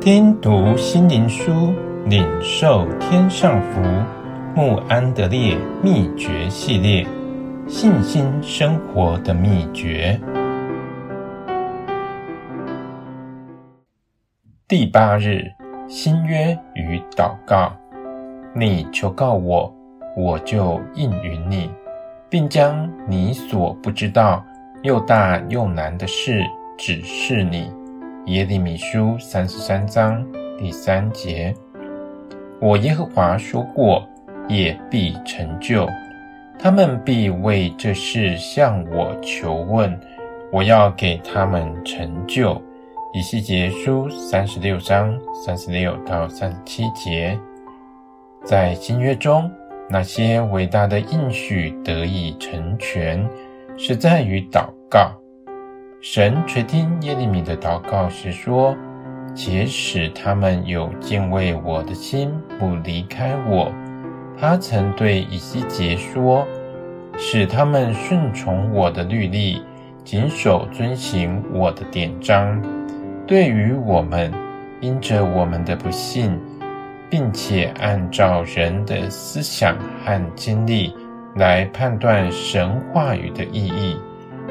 聽讀心靈書，領受天上福。慕安德烈秘訣系列：信心生活的秘訣。第八日，新約與禱告。你求告我，我就應允你，並將你所不知道、又大又難的事指示你。耶利米書三十三章第三節，我耶和華說過，也必成就。他們必為這事向我求問，我要給他們成就。以西結書三十六章三十六到三十七節。在新約中，那些偉大的應許得以成全，是在於禱告。神垂聽耶利米的禱告時說：“且使他們有敬畏我的心，不離開我。”他曾對以西結說：“使他們順從我的律例，謹守遵行我的典章。”對於我們，因着我們的不信，並且按照人的思想和經歷來判斷神話語的意義。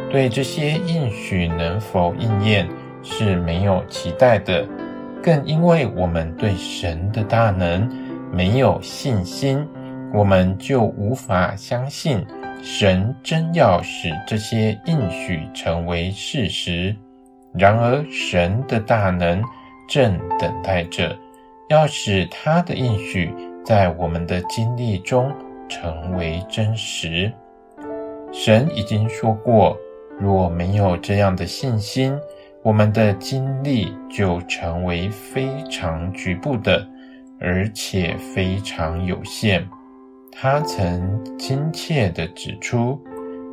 對這些應許能否應驗是沒有期待的，更因為我們對神的大能沒有信心，我們就無法相信神真要使這些應許成為事實。然而，神的大能正等待着，要使他的應許在我們的經歷中成為真實。神已經說過。若沒有這樣的信心，我們的經歷就成為非常局部的，而且非常有限。他曾親切地指出，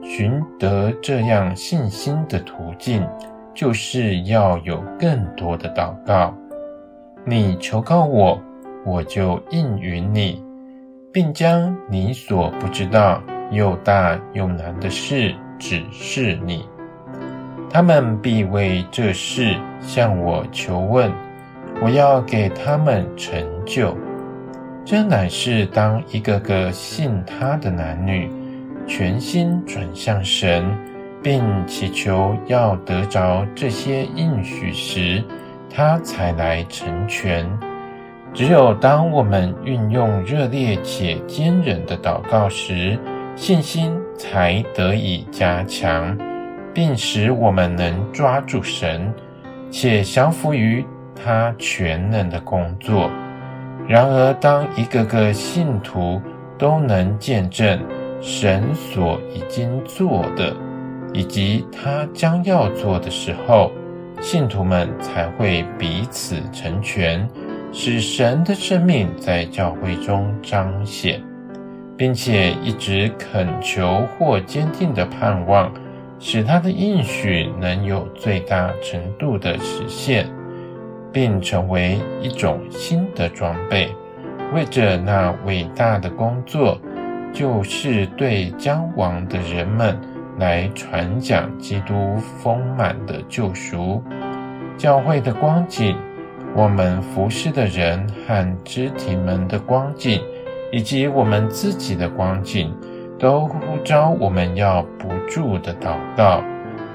尋得這樣信心的途徑，就是要有更多的禱告。你求告我，我就應允你，並將你所不知道又大又難的事。只是你，他們必為這事向我求問，我要給他們成就。這乃是當一個個信他的男女，全心轉向神，並祈求要得着這些應許時，他才來成全。只有當我們運用熱烈且堅忍的禱告時，信心，才得以加強，並使我們能抓住神，且降服於他全能的工作。然而，當一個個信徒都能見證神所已經做的，以及他將要做的時候，信徒們才會彼此成全，使神的生命在教會中彰顯。並且一直懇求或堅定的盼望，使他的應許能有最大程度的實現，並成為一種新的裝備，為着那偉大的工作，就是對將亡的人們來傳講基督豐滿的救贖。教會的光景，我們服事的人和肢體們的光景，以及我們自己的光景，都呼召我們要不住的禱告。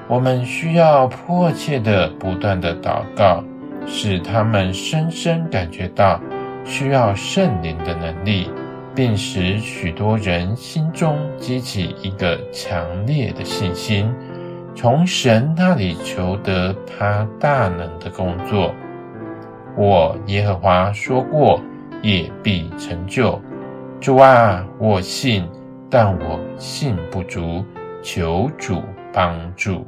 我們需要迫切的、不斷的禱告，使他們深深感覺到需要聖靈的能力，並使許多人心中激起一個強烈的信心，從神那裏求得他大能的工作。我耶和華說過，也必成就。主啊，我信，但我信不足，求主幫助。